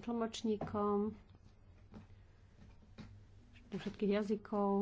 tlmočníkom do všetkých jazykov.